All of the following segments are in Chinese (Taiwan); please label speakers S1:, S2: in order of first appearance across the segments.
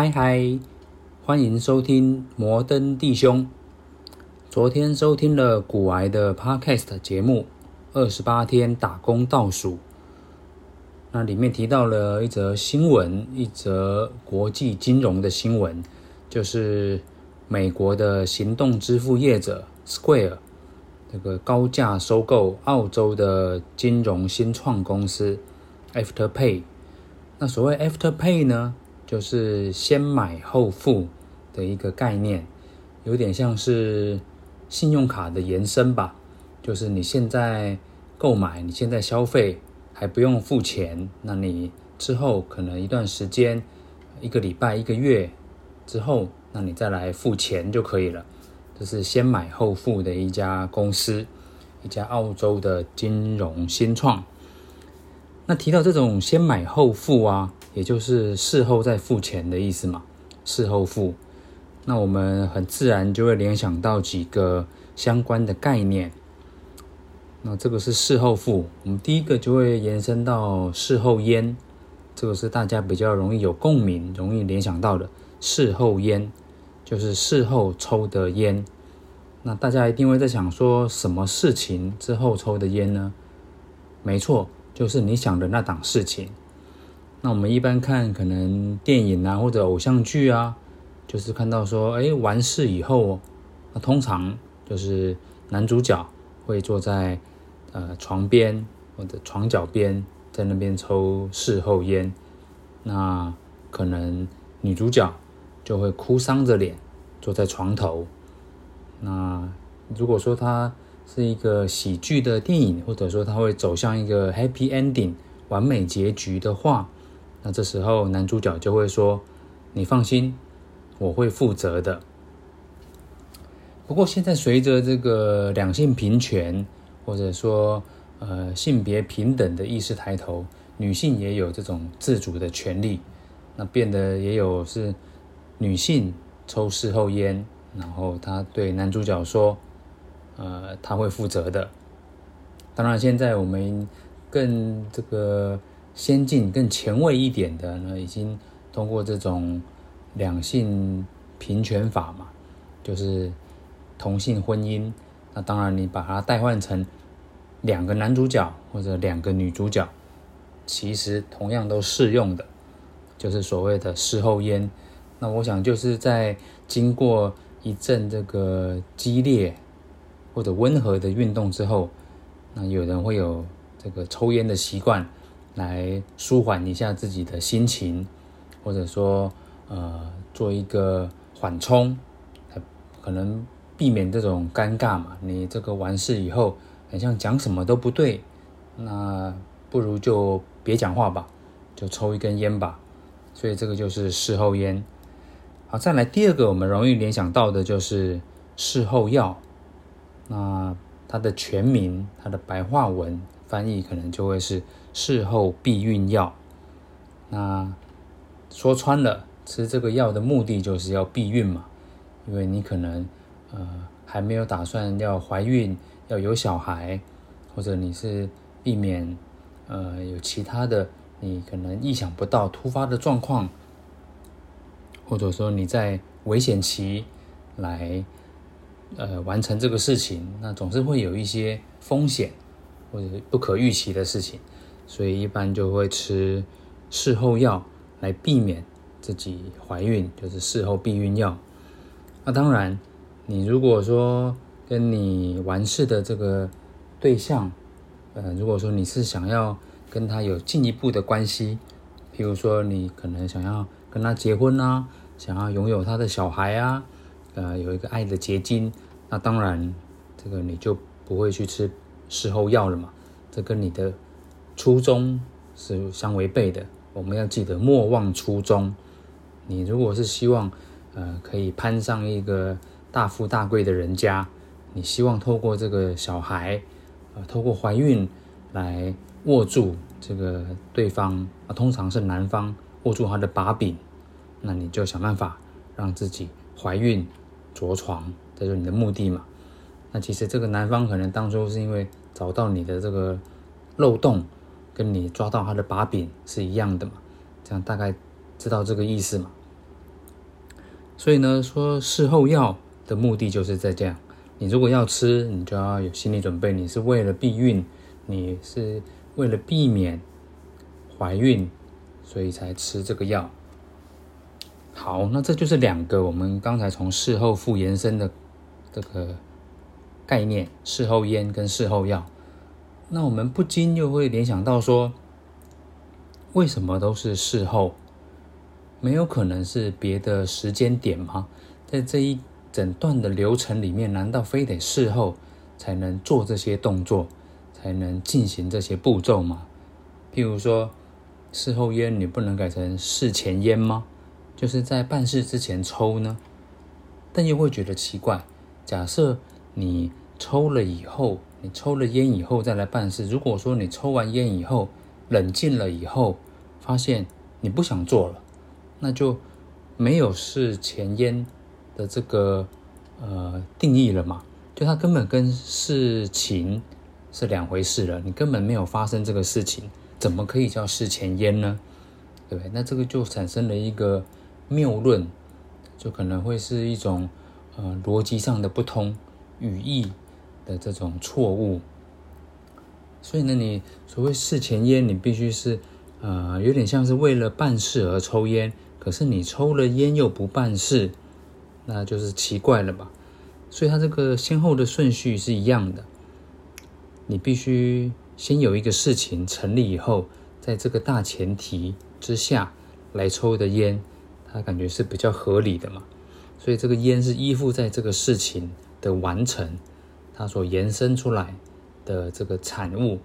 S1: 嗨嗨，歡迎收聽摩登弟兄。昨天收聽了股癌的 Podcast 節目《二十八天打工倒數》，那裡面提到了一則新聞，一則國際金融的新聞，就是美國的行動支付業者 Square 那個高價收購澳洲的金融新創公司 AfterPay。那所謂 AfterPay 呢？就是先買後付的一個概念，有點像是信用卡的延伸吧。就是你現在購買，你現在消費還不用付錢，那你之後可能一段時間，一個禮拜、一個月之後，那你再來付錢就可以了。這是先買後付的一家公司，一家澳洲的金融新創。那提到這種先買後付啊，也就是事後再付錢的意思嘛，事後付。那我們很自然就會聯想到幾個相關的概念。那這個是事後付，我們第一個就會延伸到事後菸，這個是大家比較容易有共鳴、容易聯想到的。事後菸就是事後抽的菸。那大家一定會在想說什麼事情之後抽的菸呢？沒錯。就是你想的那檔事情。那我們一般看可能電影啊，或者偶像劇啊，就是看到說，哎，完事以後，那通常就是男主角會坐在呃床邊或者床腳邊，在那邊抽事後煙。那可能女主角就會哭喪着臉坐在床頭。那如果說她。是一個喜劇的電影，或者說它會走向一個 happy ending 完美結局的話，那這時候男主角就會說：“你放心，我會負責的。”不過現在隨着這個兩性平權，或者說呃性別平等的意識抬頭，女性也有這種自主的權利，那變得也有是女性抽事後煙，然後她對男主角說。呃，他會負責的。當然，現在我們更這個先進、更前衛一點的，呢，已經通過這種兩性平權法嘛，就是同性婚姻。那當然，你把它代換成兩個男主角或者兩個女主角，其實同樣都適用的，就是所謂的事後菸。那我想，就是在經過一陣這個激烈。或者溫和的運動之後，那有人會有這個抽煙的習慣，來舒緩一下自己的心情，或者說呃做一個緩衝，可能避免這種尷尬嘛。你這個完事以後，好像講什麼都不對，那不如就別講話吧，就抽一根煙吧。所以這個就是事後煙。好，再來第二個，我們容易聯想到的就是事後藥。那它的全名，它的白話文翻譯可能就會是事後避孕藥。那說穿了，吃這個藥的目的就是要避孕嘛，因為你可能呃還沒有打算要懷孕，要有小孩，或者你是避免呃有其他的你可能意想不到突發的狀況，或者說你在危險期來。呃，完成這個事情，那總是會有一些風險或者不可預期的事情，所以一般就會吃事後藥來避免自己懷孕，就是事後避孕藥。那當然，你如果說跟你完事的這個對象，呃，如果說你是想要跟他有進一步的關係，譬如說你可能想要跟他結婚啊，想要擁有他的小孩啊。呃，有一個愛的結晶，那當然，這個你就不會去吃事後藥了嘛。這跟你的初衷是相違背的。我們要記得莫忘初衷。你如果是希望，呃，可以攀上一個大富大貴的人家，你希望透過這個小孩，呃，透過懷孕來握住這個對方啊，通常是男方握住他的把柄，那你就想辦法讓自己懷孕。着床，這是你的目的嘛？那其實這個男方可能當初是因為找到你的這個漏洞，跟你抓到他的把柄是一樣的嘛？這樣大概知道這個意思嘛？所以呢，說事後藥的目的就是在這樣，你如果要吃，你就要有心理準備，你是為了避孕，你是為了避免懷孕，所以才吃這個藥。好，那這就是兩個我們剛才從事後付延伸的這個概念：事後菸跟事後藥。那我們不禁又會聯想到說，為什麼都是事後？沒有可能是別的時間點嗎？在這一整段的流程裡面，難道非得事後才能做這些動作，才能進行這些步驟嗎？譬如說，事後菸，你不能改成事前菸嗎？就是在辦事之前抽呢，但又會覺得奇怪。假設你抽了以後，你抽了煙以後再來辦事。如果說你抽完煙以後冷靜了以後，發現你不想做了，那就沒有事前煙的這個呃定義了嘛。就它根本跟事情是兩回事了。你根本沒有發生這個事情，怎麼可以叫事前煙呢？對不對？那這個就產生了一個。謬論就可能會是一種呃、邏輯上的不通、語義的這種錯誤。所以呢，你所謂事前煙，你必須是呃，有點像是為了辦事而抽煙。可是你抽了煙又不辦事，那就是奇怪了吧？所以它這個先後的順序是一樣的。你必須先有一個事情成立以後，在這個大前提之下來抽的煙。它感覺是比較合理的嘛，所以這個菸是依附在這個事情的完成，它所延伸出來的這個產物。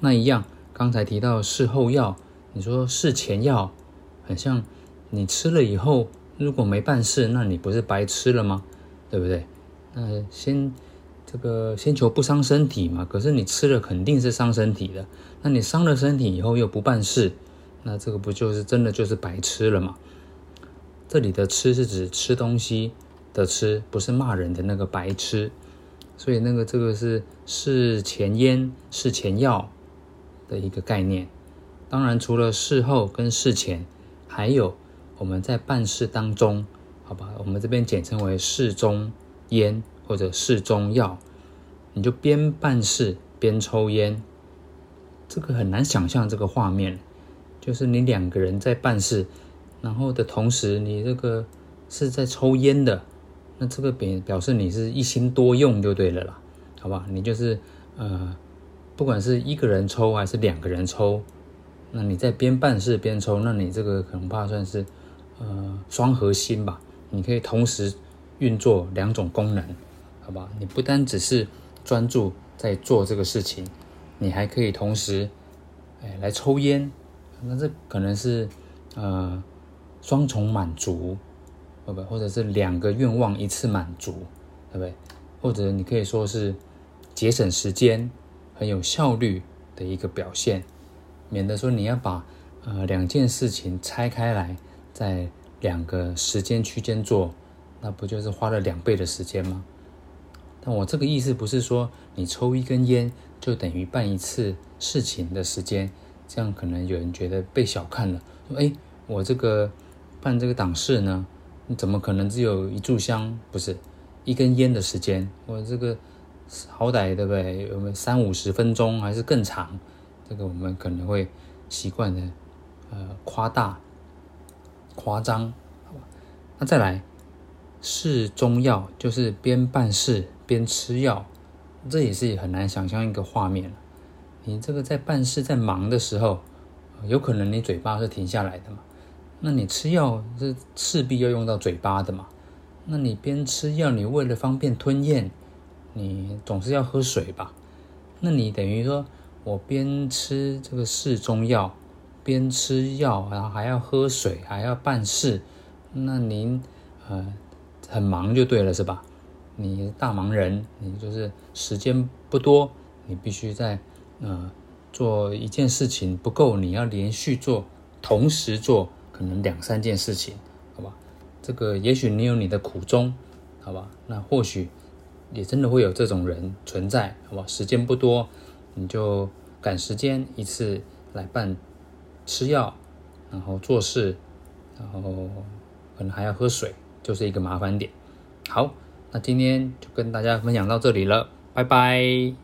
S1: 那一樣，剛才提到事後藥，你說事前藥，很像你吃了以後，如果沒辦事，那你不是白吃了嗎？對不對？那先這個先求不傷身體嘛，可是你吃了肯定是傷身體的，那你傷了身體以後又不辦事。那這個不就是真的就是白吃了嗎？這裡的“吃”是指吃東西的“吃”，不是罵人的那個“白痴”。所以那個這個是事前煙、事前藥的一個概念。當然，除了事後跟事前，還有我們在辦事當中，好吧？我們這邊簡稱為事中煙或者事中藥。你就邊辦事邊抽煙，這個很難想象這個畫面。就是你兩個人在辦事，然後的同時，你這個是在抽煙的，那這個表表示你是一心多用就對了啦，好吧？你就是呃，不管是一個人抽還是兩個人抽，那你在邊辦事邊抽，那你這個可能怕算是呃雙核心吧，你可以同時運作兩種功能，好吧？你不單只是專注在做這個事情，你還可以同時哎來抽煙。那這可能是，呃，雙重滿足，哦不，或者是兩個願望一次滿足，對不對？或者你可以說是節省時間，很有效率的一個表現，免得說你要把呃兩件事情拆開來，在兩個時間區間做，那不就是花了兩倍的時間嗎？但我這個意思不是說你抽一根煙就等於辦一次事情的時間。這樣可能有人覺得被小看了，說：“哎，我這個辦這個檔事呢，怎麼可能只有一炷香？不是一根菸的時間？我這個好歹對不對？我們三五十分鐘還是更長？這個我們可能會習慣的，呃，誇大誇張，好吧？那再來是中藥，就是邊辦事邊吃藥，這也是很難想象一個畫面。”你這個在辦事、在忙的時候，有可能你嘴巴是停下來的嘛？那你吃藥是勢必要用到嘴巴的嘛？那你邊吃藥，你為了方便吞嚥，你總是要喝水吧？那你等於說，我邊吃這個事中藥，邊吃藥，然後還要喝水，還要辦事，那您呃很忙就對了，是吧？你大忙人，你就是時間不多，你必須在。呃，做一件事情不夠，你要連續做，同時做可能兩三件事情，好吧？這個也許你有你的苦衷，好吧？那或許也真的會有這種人存在，好吧？時間不多，你就趕時間一次來辦，吃藥，然後做事，然後可能還要喝水，就是一個麻煩點。好，那今天就跟大家分享到這裡了，拜拜。